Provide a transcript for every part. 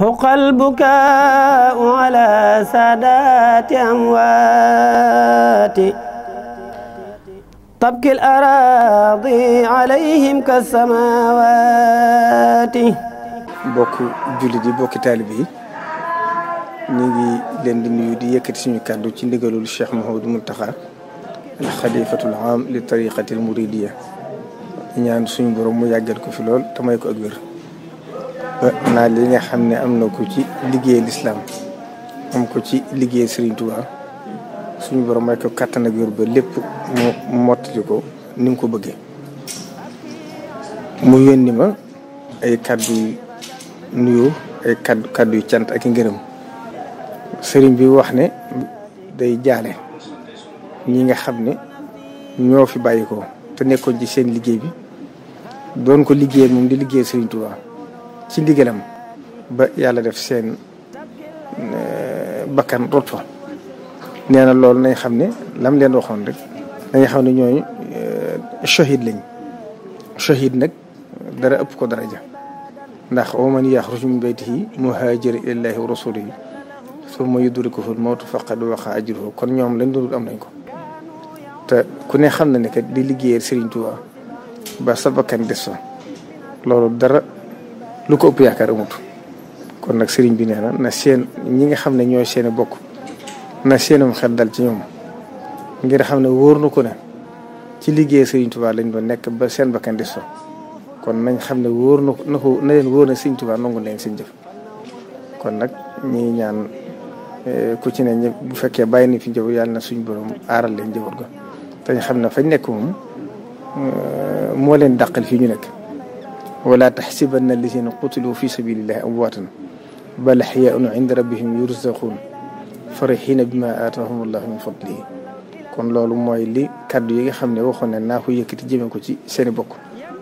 هقى البكاء على سادات أمواتي تبكي الأراضي عليهم كالسماوات بوكو جولي دي بوكي تالبي نيجي لين دي نيو دي يكتي سيني كادو تي نيغالو الشيخ محمود منتخا الخليفة العام للطريقة المريدية نيان سيني بروم مو ياغال كو في لول تماي كو اكبر naa li nga xam ne am na ko ci liggéey lislaam am ko ci liggéey Sëriñ Tuubaa suñu borom may ko kàttan ak ba lépp mu mottali ko ni mu ko bëggee mu yónni ma ay kàddu yu nuyoo ay kàddu kàddu yu cant ak i ngërëm sëriñ bi wax ne day jaale ñi nga xam ne ñoo fi bàyyi ko te nekkoon ci seen liggéey bi doon ko liggéeyal moom di liggéey Sëriñ Tuubaa ci ndigalam ba yàlla def seen bakkan rot fa nee na loolu nañ xam ne lam leen waxoon rek dañuy xam ne ñooñu shahid lañ shahid nag dara ëpp ko daraja ndax wa man yaxruj min baytihi muhajir ilallahi wa rasulihi summa yudrikuhu lmawtu faqad waqa ajruhu kon ñoom lañ doonul am nañ ko te ku ne xam na ne kat di liggéeyal Serigne Touba ba sa bakkan des fa loolu dara lu ko ëpp yaakaar amut kon nag sëriñ bi nee na na seen ñi nga xam ne ñooy seeni bokk na mu xel dal ci ñoom ngir xam ne wóor na ko ne ci liggéey sëriñ Tuubaa lañ doon nekk ba seen bakkan des fa kon nañ xam ne wóor na na ko na leen wóor na sëriñ jëf kon nag ñi ñaan eh, ku ci ne bu fekkee bàyyi na fi jëw yàlla na suñ borom aaral leen jëwal ko te xam ne fañ nekk moom eh, moo leen dàqal fii ñu nekk ولا تحسبن الذين قتلوا في سبيل الله أمواتا بل أحياء عند ربهم يرزقون فرحين بما آتاهم الله من فضله كون لول موي لي كاد ييغا خامني واخون نا خو ييكتي جيمي كو سي سيني بوك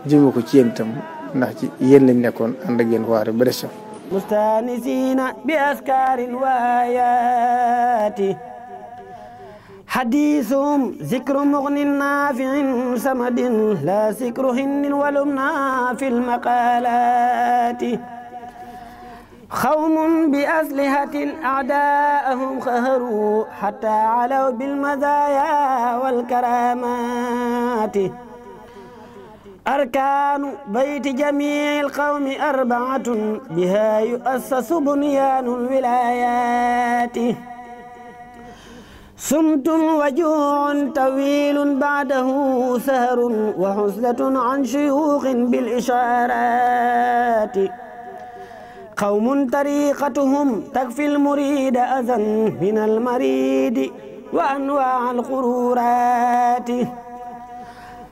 جيمي كو سي ينتم ناخ يين لي نيكون اندك ين وار مستانسين بأذكار وآياته حديثهم ذكر مغن نافع سمد لا ذكر هن ولمنا في المقالات خوم بأسلحة أعداءهم خهروا حتى علوا بالمزايا والكرامات أركان بيت جميع القوم أربعة بها يؤسس بنيان الولايات سمت وجوع طويل بعده سهر وحسلة عن شيوخ بالإشارات قوم طريقتهم تكفي المريد أذى من المريد وأنواع القرورات